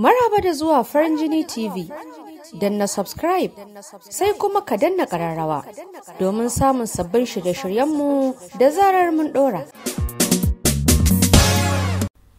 Maraba da zuwa farin jini TV. na subscribe sai kuma ka danna kararrawa domin samun sabbin shirye-shiryenmu da zarar mun dora.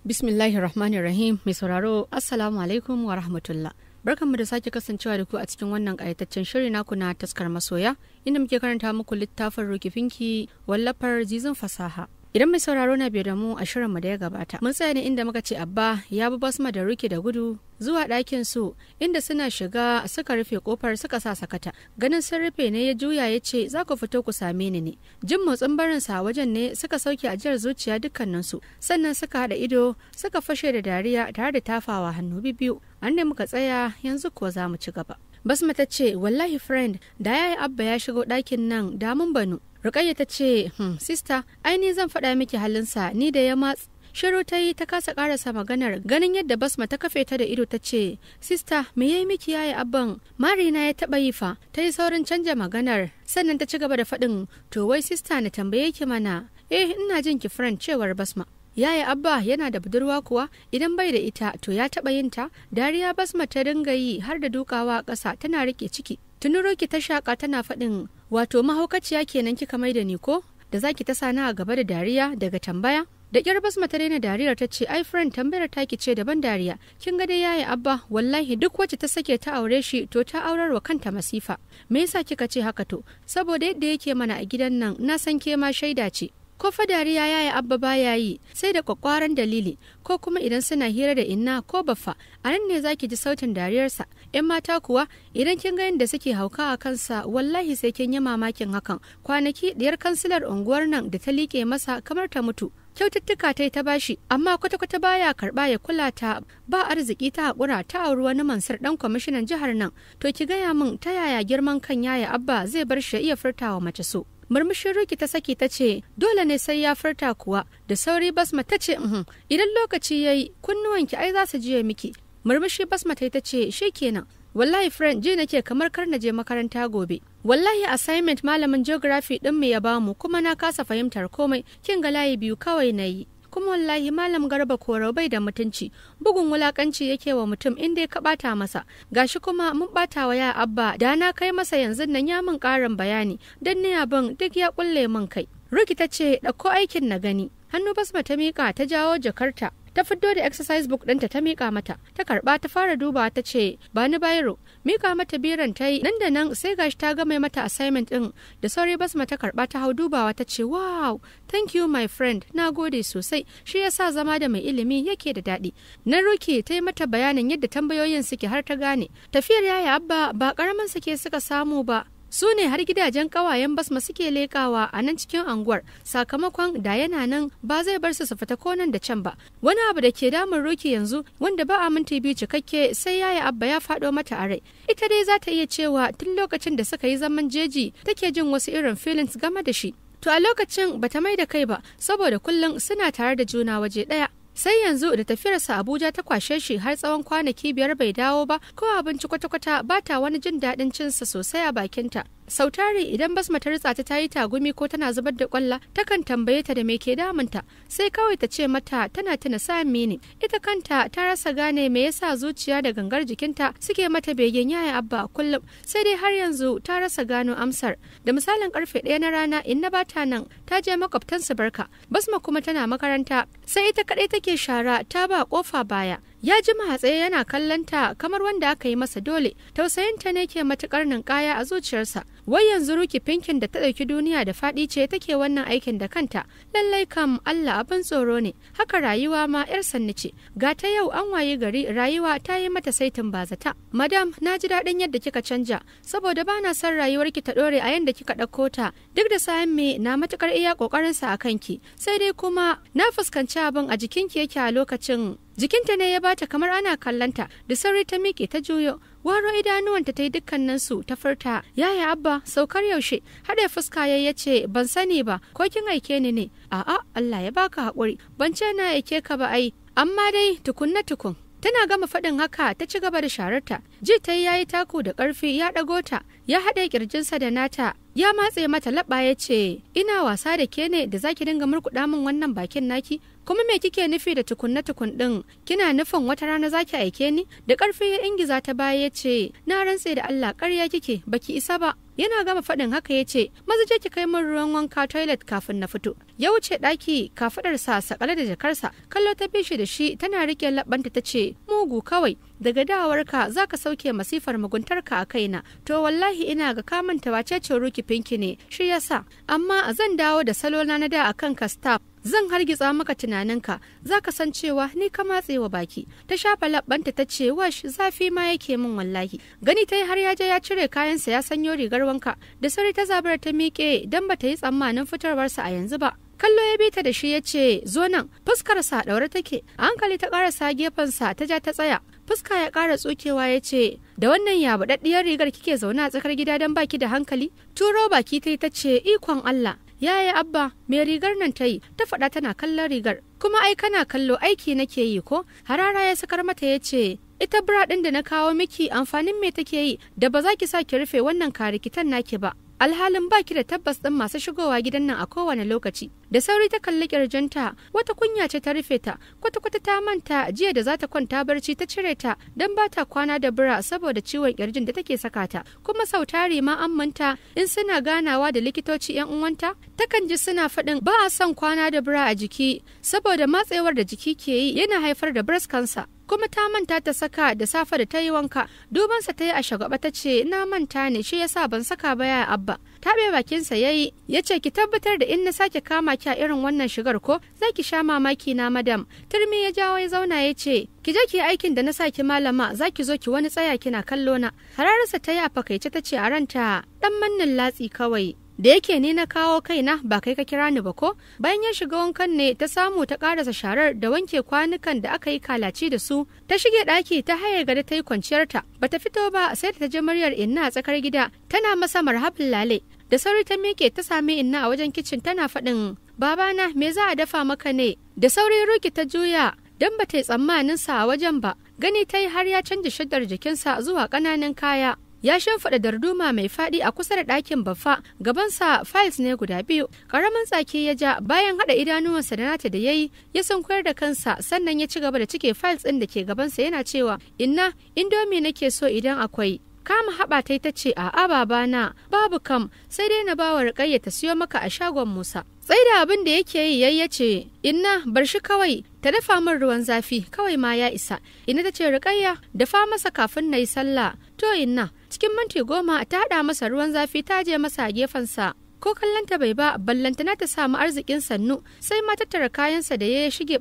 Bismillahirrahmanirrahim mai sauraro Assalamu alaikum wa rahmatullah. Barkanmu da sake kasancewa da ku a cikin wannan ƙayataccen shiri naku na taskar masoya inda muke karanta muku littafin rukifinki wallafar zizin fasaha. Idan mai sauraro na biyu da mu a shirinmu da ya gabata, mun tsaya ne inda muka ce Abba ya bi Basma da Ruki da gudu zuwa ɗakin su inda suna shiga suka rufe kofar suka sa sakata. Ganin sun rufe ne ya juya ya ce za ku fito ku same ni ne. Jin motsin barin sa wajen ne suka sauke ajiyar zuciya dukkanin su. Sannan suka haɗa ido suka fashe da dariya tare da tafawa hannu biyu. An ne muka tsaya yanzu kuwa za mu ci gaba. Basma ta ce wallahi friend da yi Abba ya shigo ɗakin nan damun banu. Rukayya ta ce, hmm, sista, ai ni zan faɗa miki halinsa ni da ya matsa Shiru ta yi ta kasa karasa maganar ganin yadda basma ta kafe ta da ido ta ce, Sista, me ya yi miki yi abban? Marina ya taɓa yi fa, ta yi saurin canja maganar, sannan ta ci gaba da faɗin, to wai sista na tambaye ki mana, eh ina jin ki friend cewar basma. Yaya Abba yana da budurwa kuwa idan bai da ita to ya taɓa yin ta, dariya basma ta dinga yi har da dukawa ƙasa tana riƙe ciki. Tunuroki ta shaƙa tana faɗin wato mahaukaciya kenan kika mai da ni ko da zaki ta sani a gaba da dariya daga tambaya da kyar basma ta daina dariyar ta ce ai friend tambayar taki ce daban dariya kin ga dai yayi abba wallahi duk wacce ta sake ta aure shi to ta aurarwa kanta masifa me yasa kika ce haka to saboda yadda yake mana a gidan nan na san ke ma shaida ce ko fa dariya yaya abba baya yi sai da kwakwaran dalili ko kuma idan suna hira da inna ko baffa a nan ne zaki ji sautin dariyarsa yan mata kuwa idan kin ga yadda suke hauka a kansa wallahi sai kin yi mamakin hakan kwanaki diyar kansilar unguwar nan da ta liƙe masa kamar ta mutu kyaututtuka ta yi ta bashi amma kwata-kwata baya karɓa ya kula ta ba arziki ta haƙura ta auri wani mansur ɗan kwamishinan jihar nan to ki gaya min ta yaya girman kan yaya abba zai bar shi ya iya furtawa mace so murmushin ruki ta saki ta ce dole ne sai ya furta kuwa da sauri basma ta ce uhm, idan lokaci ya yi kunnuwanki ai za su jiya miki murmushi basma ta ce shi kenan wallahi friend je nake kamar kar na je makaranta gobe wallahi assignment malamin geography din mu ya bamu kuma na kasa fahimtar komai kin ga layi biyu kawai na yi kuma wallahi malam garba ko bai da mutunci bugun wulakanci yake wa mutum inda ka ɓata masa gashi kuma mun bata wa ya abba da na kai masa yanzu nan ya min karin bayani dan ne abin duk ya kulle min kai Ruki ce ɗauko aikin na gani hannu basma ta mika ta jawo jakarta ta fito da exercise book ɗinta ta mika mata ta karba ta fara duba ta ce ba ni bayro mika mata biran ta yi nan da nan sai gashi ta gama mata assignment ɗin da sauri basma ta karɓa ta hau dubawa ta ce wow thank you my friend na gode sosai shi ya sa zama da mai ilimi yake da daɗi na roke ta yi mata bayanin yadda tambayoyin suke har ta gane tafiyar yaya abba ba ƙaramin suke suka samu ba su ne har gidajen kawayen basma suke lekawa a nan cikin anguwar sakamakon da yana nan ba zai bar su su fita konan da can ba wani abu da ke damun roki yanzu wanda ba a minti biyu cikakke sai yaya abba ya faɗo mata a rai ita dai za ta iya cewa tun lokacin da suka yi zaman jeji take jin wasu irin filins game da shi to a lokacin bata mai da kai ba saboda kullum suna tare da juna waje daya. sai yanzu da tafiyarsa abuja ta kwashe shi har tsawon kwanaki biyar bai dawo ba ko abinci kwata-kwata ba ta wani jin daɗin cinsa sosai a bakinta sautari idan basma ta ritsa ta yi tagumi ko tana zubar da kwalla takan tambaye ta da me ke damunta sai kawai ta ce mata tana tuna sami ne ita kanta ta rasa gane me yasa zuciya da gangar jikinta suke mata begen yaya abba kullum sai dai har yanzu ta rasa gano amsar da misalin karfe ɗaya na rana in na bata nan ta je makwabtansu barka basma kuma tana makaranta sai ita kaɗai take shara ta ba kofa baya ya ji tsaye yana kallonta kamar wanda aka yi masa dole tausayinta ne ke matukar ninkaya a zuciyarsa wai yanzu ruki finkin da ta ɗauki duniya da faɗi ce take wannan aikin da kanta lallai kam allah abin tsoro ne haka rayuwa ma yar sanni ce ga ta yau an waye gari rayuwa ta yi mata saitin bazata madam na ji daɗin yadda kika canja saboda bana son rayuwarki ta ɗore a yadda kika ɗauko ta duk da sa'an me na matukar iya ƙoƙarinsa a kanki sai dai kuma na fuskanci abin a jikinki yake a lokacin jikinta ne ya bata kamar ana kallanta da sauri ta miƙe ta juyo waro idanuwanta ta yi dukkanin su ta furta yaya abba saukar yaushe haɗe fuska yayi ya ce ban sani ba ko kin aike ni ne a'a Allah ya baka haƙuri ban ce na aike ka ba ai amma dai tukun na tukun tana gama faɗin haka ta ci gaba da shararta ji ta yi yayi taku da ƙarfi ya ɗago ta ya haɗe ƙirjinsa da nata ya matse mata laɓa ya ce ina wasa da ke ne da zaki dinga murkuɗa min wannan bakin naki kuma me kike nufi da tukunna tukun din kina nufin wata rana zaki aike ni da karfi ya ingiza ta baya ya ce na rantse da Allah ƙarya kike baki isa ba yana gama faɗin haka ya ce maza ki kai min ruwan wanka toilet kafin na fito ya wuce ɗaki kafaɗarsa sakale da jakarsa kallo ta bishi da shi tana riƙe laɓanta ta ce mugu kawai daga dawarka zaka sauke masifar muguntarka a kaina to wallahi ina ga kamanta wace ce ruki finki ne shi ya sa amma zan dawo da salona na da akan ka staff zan hargitsa maka tunaninka za ka san cewa ni ka matsewa baki ta shafa labbanta ta ce wash zafi ma yake min wallahi gani ta yi har yaje ya cire kayansa ya sanyo rigar wanka da sauri ta zabar ta miƙe don ba ta yi tsammanin fitarwarsa a yanzu ba kallo ya bi ta da shi ya ce zo nan fuskarsa daure take a hankali ta ƙarasa gefensa ta ja ta tsaya fuska ya ƙara tsokewa ya ce da wannan yabaɗaɗɗiyar rigar kike zaune a tsakar gida don baki da hankali turo baki ta ta ce ikon allah ya yi abba me rigar nan ta yi ta faɗa tana kallon rigar kuma ai kana kallo aiki nake yi ko harara ya sakar mata ya ce ita bra ɗin da na kawo miki amfanin me take yi da ba za ki sa ki rufe wannan karikitan naki ba alhalin ba ki da tabbas ɗin masu shigowa gidan nan a kowane lokaci da sauri ta kalli kirjinta wata kunya ce ta rufe ta kwata-kwata ta manta jiya da za ta kwanta barci ta cire ta don ba ta kwana da bura saboda ciwon kirjin da take saka ta kuma sautari ma an manta in suna ganawa da likitoci yan uwanta takan ji suna faɗin ba a son kwana da bura a jiki saboda matsewar da jiki ke yi yana haifar da breast cancer kuma ta manta ta saka da safe da ta yi wanka dubansa ta yi a shagaba ta ce na manta ne shi yasa ban saka ba ya abba taɓe bakinsa ya yi ya ce ki tabbatar da in na sake kama ki a irin wannan shigar ko za ki sha mamaki na madam turmi ya jawo ya zauna ya ce ki je ki aikin da na saki malama za ki zo ki wani tsaya kina kallo na hararsa ta yi a fakaice ta ce a ranta dan mannin latsi kawai da yake ni na kawo kaina ba kai ka kira ni ba ko bayan ya shiga wankan ne ta samu ta karasa sharar da wanke kwanukan da aka yi kalaci da su ta shige daki ta haye gada ta yi kwanciyarta bata fito ba sai da ta je muryar inna a tsakar gida tana masa marhabin lale da sauri ta miƙe ta sami inna a wajen kicin tana faɗin babana me za a dafa maka ne da sauri roki ta juya dan ba ta yi tsammanin sa a wajen ba gani ta yi har ya canja shaddar jikinsa zuwa ƙananan kaya ya shimfiɗa darduma mai faɗi a kusa da ɗakin baffa gabansa files ne guda biyu ƙaramin tsaki ya ja bayan haɗa idanuwansa da nata da ya yi ya sunkuyar da kansa sannan ya ci gaba da cike files ɗin da ke gabansa yana cewa inna indomi nake so idan akwai kama haɓa ta ce a'a babana babu kam sai dai na bawa rikayya ta siyo maka a shagon musa Tsai da abin da yake yi yayi ce inna bar shi kawai ta dafa min ruwan zafi kawai ma ya isa inna ta ce rikayya dafa masa kafin na yi sallah to inna cikin minti goma ta haɗa masa ruwan zafi ta je masa a sa ko kallonta bai ba ballantana ta samu arzikin sannu sai ma tattara kayansa da ya shige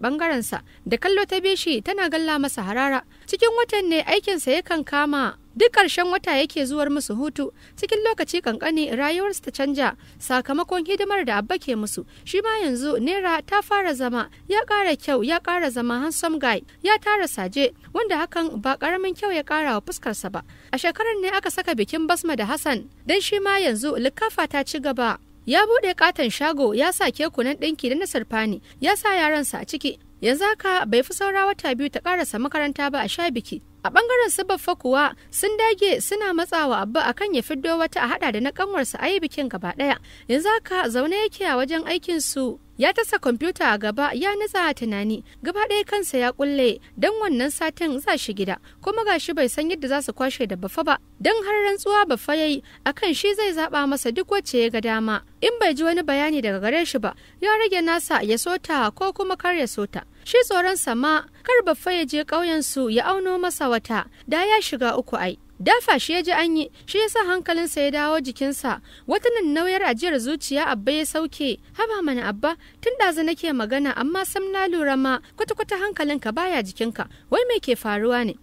sa da kallo ta bishi tana galla masa harara cikin watan ne aikinsa yakan kama duk ƙarshen wata yake zuwar musu hutu cikin lokaci kankani rayuwarsu ta canja sakamakon hidimar da abba ke musu shi ma yanzu naira ta fara zama ya ƙara kyau ya ƙara zama handsome guy ya tara saje wanda hakan ba ƙaramin kyau ya ƙara wa fuskarsa ba a shekarar ne aka saka bikin basma da hassan don shi ma yanzu likafa ta ci gaba ya buɗe katon shago ya sa kekunan ɗinki da na sarfani ya sa yaransa a ciki yanzu haka bai fi saura wata biyu ta karasa makaranta ba a sha biki a bangaren su kuwa sun dage suna matsawa abba akan ya fiddo wata a hada da na kanwarsa a yi bikin gaba daya yanzu haka zaune yake a wajen aikin su ya tasa kwamfuta a gaba ya nutsa a tunani gaba ɗaya kansa ya kulle don wannan satin za shi gida kuma ga shi bai san yadda za su kwashe da bafa ba don har rantsuwa bafa yi, akan shi zai zaba masa duk wacce ya ga dama in bai ji wani bayani daga gare shi ba ya rage nasa ya sota ko kuma kar ya sota shi tsoron sama kar baffa ya je ƙauyensu ya auno masa wata da ya shiga uku ai dafa shi ya ji an yi shi ya sa hankalinsa ya dawo jikinsa wata nan nauyar ajiyar zuciya abba ya sauke haba mana abba tun ɗazu nake magana amma sam na lura ma kwata-kwata hankalinka baya jikinka wai mai ke faruwa ne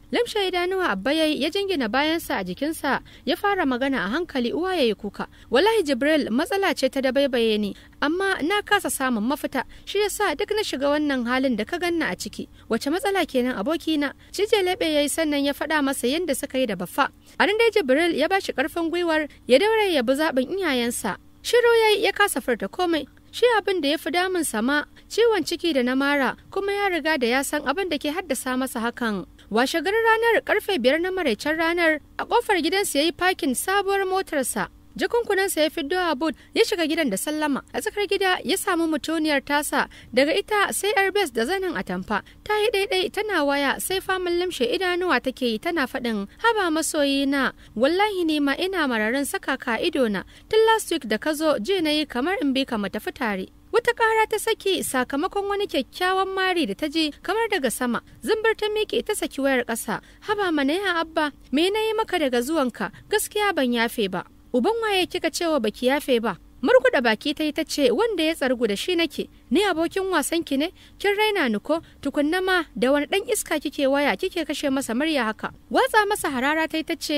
ya danuwa abba ya yi, ya jingina bayansa a jikinsa ya fara magana a hankali uwa ya yi kuka wallahi jibril matsala ce ta dabaibaye ne. amma na kasa samun mafita shi yasa duk na shiga wannan halin da ka ganna a ciki wace matsala kenan na? cije lebe yayi sannan ya faɗa masa yadda suka yi da baffa a nan dai jibril ya bashi karfin gwiwar ya daure ya bi zaɓin iyayensa shiru yayi ya kasa furta komai shi abin da ya fi damun sama ciwon ciki da na mara kuma ya riga da ya san abin da ke haddasa masa hakan washe garin ranar karfe biyar na maraicen ranar a kofar gidansa ya yi fakin sabuwar motarsa jakunkunan sa ya fi a boot ya shiga gidan da sallama a tsakar gida ya samu mutuniyar tasa daga ita sai airbase da zanin atamfa ta yi daidai tana waya sai famin limshe idanuwa take yi tana faɗin haba masoyi na wallahi ne ma ina mararin saka ka ido na tun last week da ka zo je na yi kamar in bi ka mu tafi tare wata kara ta saki sakamakon wani kyakkyawan mari da ta je kamar daga sama zumbar ta miƙe ta saki wayar ƙasa haba mana ya abba me na yi maka daga zuwanka gaskiya ban yafe ba uban waye kika cewa baki yafe ba murguda baki ta yi ta ce wanda ya tsargu da shi nake ni abokin wasan ki ne kin raina ni ko tukunna ma da wani dan iska kike waya kike kashe masa murya haka watsa masa harara ta yi ta ce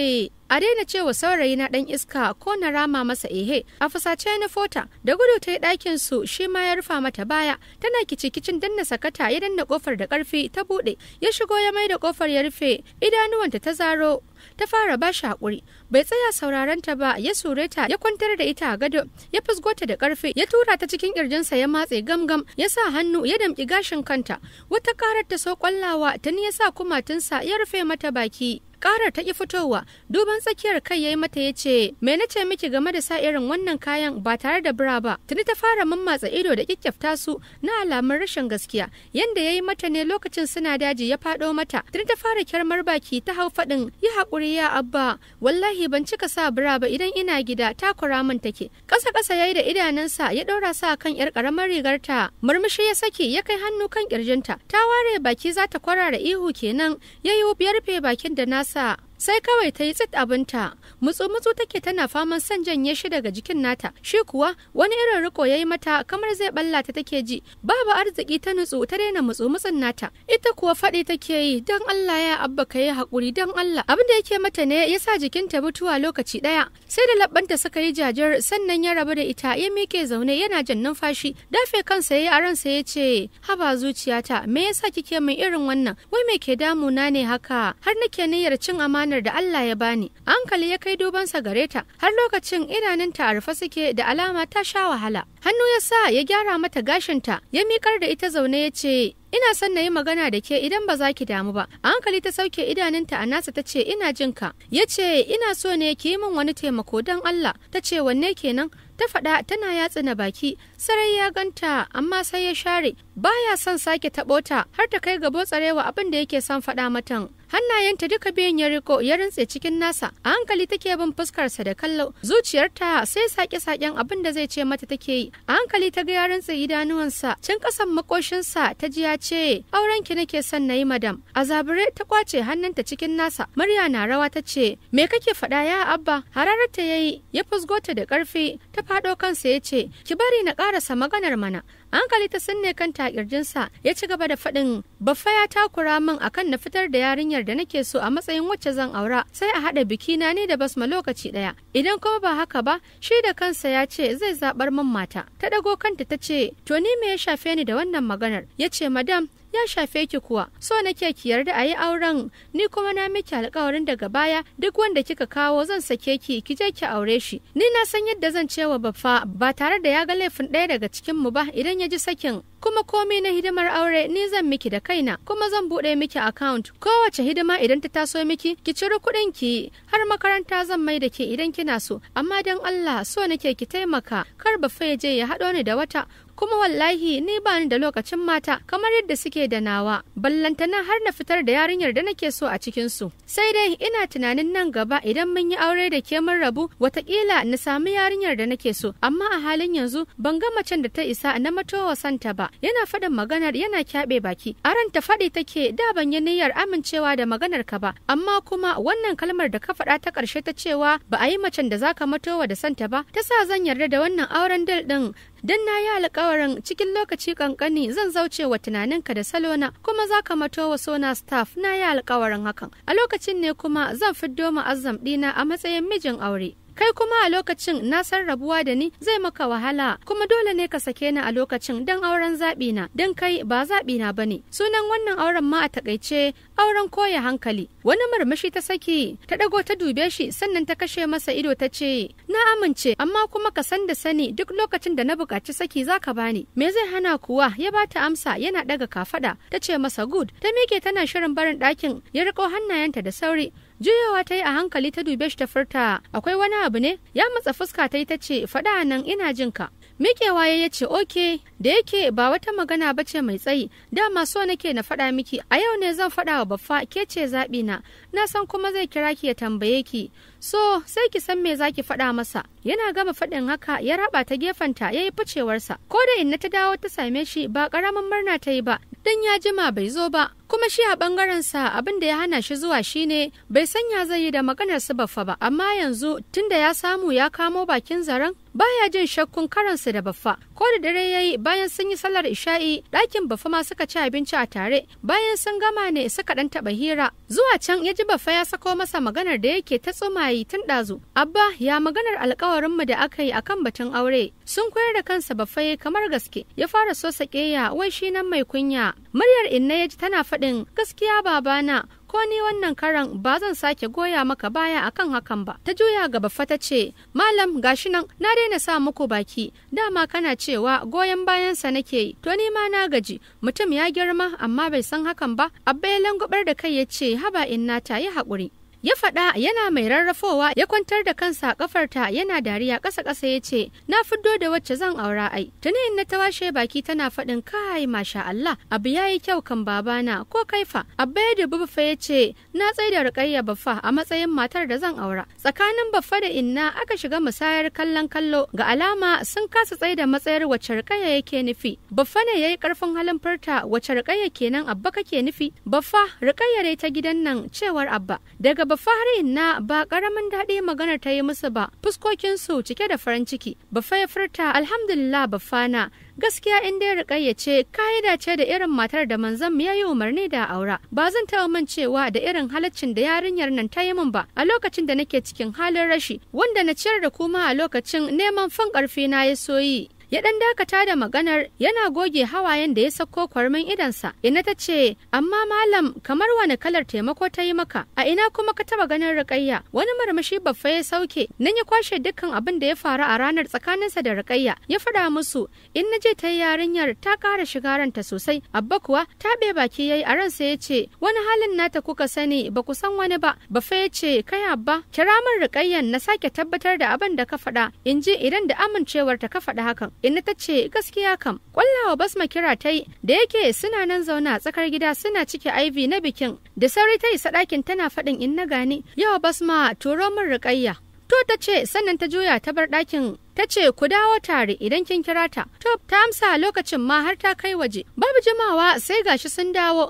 a daina cewa saurayi na dan iska ko na rama masa ehe a fusace na fota da gudu ta yi dakin su shi ma ya rufa mata baya tana kicikicin danna sakata ya danna kofar da karfi ta buɗe ya shigo ya mai da kofar ya rufe idanuwanta ta zaro ta fara ba shi haƙuri bai tsaya sauraron ta ba ya sure ta ya kwantar da ita a gado ya fusgo da ƙarfi ya tura ta cikin kirjinsa ya matse gamgam ya sa hannu ya damƙi gashin kanta wata karar ta so kwallawa ta ya sa kumatunsa ya rufe mata baki Karar ta ki fitowa, duban tsakiyar kai yayi mata ya ce, "Me na ce miki game da sa irin wannan kayan ba tare da bira ba?" Tuni ta fara mammatsa ido da kikkyafta su na alamun rashin gaskiya, yanda yayi mata ne lokacin suna daji ya faɗo mata. Tuni ta fara kyarmar baki ta hau faɗin, "Yi hakuri ya abba, wallahi ban cika sa bira ba idan ina gida takura min take." Ƙasa ƙasa yayi da idanunsa ya ɗora sa kan 'yar ƙaramar rigarta, murmushi ya saki ya kai hannu kan ƙirjinta, ta ware baki za ta kwarara ihu kenan, ya yi biyar rufe bakin da nasa casa sai kawai ta yi tsit abinta mutsu-mutsu take tana faman son janye shi daga jikin nata shi kuwa wani irin riko ya yi mata kamar zai balla ta take ji babu arziki ta nutsu ta daina mutsu-mutsun nata ita kuwa faɗi take yi don Allah ya abba ka yi haƙuri don Allah abin da yake mata ne ya sa jikinta mutuwa lokaci ɗaya sai da labbanta suka yi jajir sannan ya rabu da ita ya miƙe zaune yana jan numfashi dafe kansa ya yi sa ya ce haba zuciyata me yasa kike min irin wannan wai me ke damuna ne haka har nake niyyar cin amana amanar da Allah ya bani hankali ya kai dubansa gare ta har lokacin idanunta a rufe suke da alama ta sha wahala hannu ya sa ya gyara mata gashinta ya miƙar da ita zaune ya ce ina son na yi magana da ke idan ba za ki damu ba a hankali ta sauke idanunta a nasa ta ce ina jin ka ya ce ina so ne ki yi min wani taimako don Allah ta ce wanne kenan ta faɗa tana yatsa na baki sarai ya ganta amma sai ya share baya son sake taɓo ta har ta kai ga botsarewa abin da yake son faɗa matan hannayenta duka biyan ya riko ya rintse cikin nasa a hankali take bin fuskarsa da kallo zuciyarta sai sake-saken abin da zai ce mata take yi a hankali ta ga ya rintse idanuwansa can kasan makoshinsa ta ji ya ce auren ki nake son na yi madam a zabure ta kwace hannunta cikin nasa murya na rawa ta ce me kake faɗa ya abba hararta ya yi ya fusgota da ƙarfi ta faɗo kansa ya ce ki bari na ƙarasa maganar mana hankali ta sanne kanta a kirjinsa ya ci gaba da faɗin baffa ya takura min akan na fitar da yarinyar da nake so a matsayin wacce zan aura sai a haɗa biki na ni da basma lokaci ɗaya idan kuma ba haka ba shi da kansa ya ce zai zaɓar min mata ta ɗago kanta ta ce to ni me ya shafe ni da wannan maganar ya ce madam ya shafe ki kuwa so nake ki yarda a yi auren ni kuma na miki alƙawarin daga baya duk wanda kika kawo zan sake ki ki je ki aure shi ni na san yadda zan cewa baffa ba tare da ya ga laifin ɗaya daga cikin mu ba idan ya ji sakin kuma komai na hidimar aure ni zan miki da kaina kuma zan buɗe miki account kowace hidima idan ta taso miki ki ciro kuɗin ki har makaranta zan mai da ke idan kina so amma dan Allah so nake ki taimaka kar baffa ya je ya haɗo ni da wata kuma wallahi ni ba ni da lokacin mata kamar yadda suke da nawa ballantana har na fitar da yarinyar da nake so a cikin su sai dai ina tunanin nan gaba idan mun yi aure da ke mun rabu watakila na sami yarinyar da nake so amma a halin yanzu ban ga macen da ta isa na matowa santa ba yana faɗin maganar yana kyaɓe baki aran ta faɗi take da ban yi niyyar amincewa da maganar ka ba amma kuma wannan kalmar da ka faɗa ta ƙarshe ta cewa ba a yi macen da zaka matowa da santa ba ta sa zan yarda da wannan auren dal ɗin don na yi alkawarin cikin lokaci kankani zan zauce wa tunaninka da salona kuma za ka mato wa sona staff na yi alkawarin hakan a lokacin ne kuma zan fiddo azam ɗina a matsayin mijin aure kai kuma a lokacin na san rabuwa da ni zai maka wahala kuma dole ne ka sake ni a lokacin dan auren zabi na dan kai ba zabi na bane sunan wannan auren ma a takaice auren koya hankali wani murmushi ta saki ta dago ta dube shi sannan ta kashe masa ido ta ce na amince amma kuma ka san da sani duk lokacin da na buƙaci saki zaka bani me zai hana kuwa ya bata amsa yana daga kafada ta ce masa good ta miƙe tana shirin barin ɗakin ya riko hannayenta da sauri juyawa ta yi a hankali ta dube shi ta furta akwai wani abu ne ya matsa fuska ta yi ta ce faɗa a nan ina jin ka miƙewa ya ce oke da yake ba wata magana ba ce mai tsayi dama so nake na faɗa miki a yau ne zan faɗa wa baffa ke ce zaɓi na na san kuma zai kira ki ya tambaye ki so sai ki san me zaki faɗa masa yana gama faɗin haka ya raba ta gefenta ya yi ficewarsa ko da inna ta dawo ta same shi ba ƙaramin murna ta yi ba dan ya jima bai zo ba kuma shi a bangaren sa abin da ya hana shi zuwa shine bai sanya zai yi da maganar su baffa ba amma yanzu tunda ya samu ya kamo bakin zaren baya jin shakkun karansu da baffa ko da dare ya yi bayan sun yi sallar isha'i ɗakin baffa ma suka ci abinci a tare bayan sun gama ne suka ɗan taɓa hira zuwa can ya ji baffa ya sako masa maganar da yake ta tsumayi tun ɗazu abba ya maganar alkawarin mu da aka yi akan batun aure sun koyar da kansa baffa ya kamar gaske ya fara so sakeya wai shi nan mai kunya muryar inna ya ji tana faɗin gaskiya babana ko ni wannan karan ba zan sake goya maka baya akan hakan ba ta juya gaba ta ce malam gashi nan na daina sa muku baki dama kana cewa goyon bayansa nake yi to ni ma na gaji mutum ya girma amma bai san hakan ba abba ya langubar da kai ya ce haba in na ta yi haƙuri ya faɗa yana mai rarrafowa ya kwantar da kansa kafarta yana dariya ƙasa ƙasa ya ce na fiddo da wacce zan aura ai tuni na ta washe baki tana faɗin kai masha Allah abu yayi kyau kan babana ko kaifa abba ya dubi bafa ya ce na tsai da rukayya bafa a matsayin matar da zan aura tsakanin bafa da inna aka shiga musayar kallon kallo ga alama sun kasa tsai da matsayar wacce rukayya yake nufi bafa ne yayi karfin halin furta wacce rukayya kenan abba kake nufi bafa, rukayya dai ta gidan nan cewar abba daga Bafarin na ba karamin daɗi magana ta yi musu ba, fuskokin su cike da farin ciki. Bafa ya furta alhamdulillah na gaskiya in dai ya ce ka'ida ce da irin matar da manzon ya yi umarni da aura ba zan taɓa min cewa da irin halaccin da yarinyar nan ta yi min ba a lokacin da nake cikin halin rashi wanda na ciyar da kuma a lokacin neman fan ƙarfi na ya yi. ya dan dakata da maganar yana goge hawayen da ya sako kwarmin idansa ina ta ce amma malam kamar wani kalar taimako ta yi maka a ina kuma ka taba ganin rikayya wani marmashi baffa ya sauke nan ya kwashe dukkan abin da ya faru a ranar tsakaninsa da rikayya ya faɗa musu in na je ta yi yarinyar ta kara shiga ranta sosai abba kuwa ta be baki yayi a ransa ya ce wani halin nata kuka sani ba ku san wani ba baffa ya ce kai abba kira min rikayyan na sake tabbatar da abin da ka faɗa in ji idan da amincewar ta ka faɗa hakan Inna ta ce gaskiya kam kwallawa basma kira ta yi da yake suna nan zauna a tsakar gida suna cike iv na bikin da sauri ta isa ɗakin tana faɗin in na gane yawa basma turo min riƙayya. To ta ce sannan ta juya ta bar ɗakin ta ce ku dawo tare idan kin kira ta. To ta amsa lokacin ma har ta kai waje. Babu jimawa sai gashi sun dawo.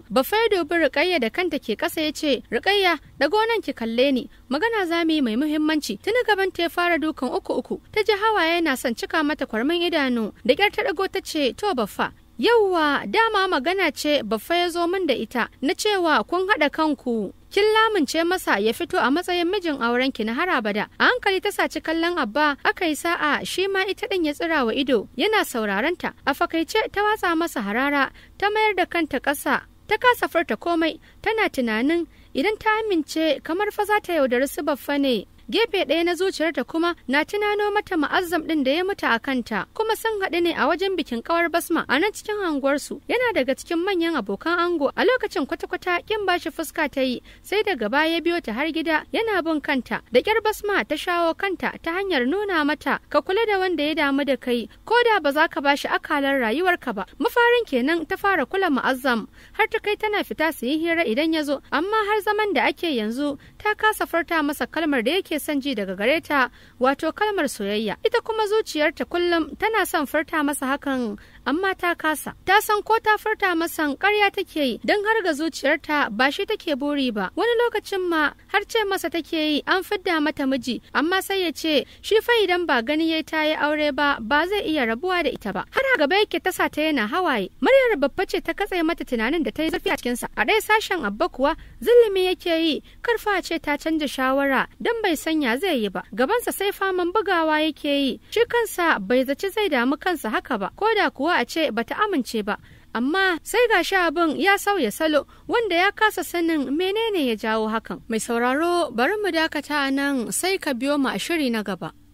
ya bi Rukayya da kanta ke ƙasa ya ce Rukayya da nan ki kalle ni magana za mu yi mai muhimmanci tuni gaban ta ya fara dukan uku uku ta ji hawaye na son cika mata kwarmin idanu da ƙyar ta dago ta ce to baffa yauwa dama magana ce baffa ya zo min da ita na cewa kun haɗa kanku kin lamince masa ya fito a matsayin mijin auren ki na harabada? a hankali ta saci kallon abba aka yi sa'a shi ma ita din ya tsira wa ido yana sauraron ta a fakaice ta watsa masa harara ta mayar da kanta ƙasa ta kasa furta komai tana tunanin idan ta amince kamar fa za ta yaudari su baffa ne gefe ɗaya na zuciyarta kuma na tunano mata ma'azzam ɗin da ya mutu a kanta kuma sun haɗu ne a wajen bikin kawar basma a nan cikin anguwarsu yana daga cikin manyan abokan ango a lokacin kwata-kwata kin bashi fuska ta yi sai daga baya ya biyo ta har gida yana bin kanta da kyar basma ta shawo kanta ta hanyar nuna mata ka kula da wanda ya damu da kai ko da ba za ka bashi akalar rayuwarka ba mafarin kenan ta fara kula ma'azzam har ta kai tana fita su yi hira idan ya zo amma har zaman da ake yanzu ta kasa farta masa kalmar da yake son ji daga gare ta wato kalmar soyayya ita kuma zuciyarta kullum tana son farta masa hakan amma ta kasa ta san ko ta farta masan ƙarya take yi don har ga zuciyarta ba shi take buri ba wani lokacin ma har ce masa take yi an fidda mata miji amma sai ya ce shi fa idan ba gani yayi ta yi aure ba ba zai iya rabuwa da ita ba har a gaba yake ta sa ta yana hawaye maryar babba ce ta katse mata tunanin da ta yi zafi a cikinsa a ɗaya sashen abba kuwa zulumi yake yi karfa ce ta canja shawara don bai sanya zai yi ba gabansa sai faman bugawa yake yi shi kansa bai zaci zai damu kansa haka ba ko da kuwa ko a ce bata amince ba amma sai ga shi abin ya sauya salo wanda ya kasa sanin menene ya jawo hakan mai sauraro bari mu dakata nan sai ka biyo mu a shiri na gaba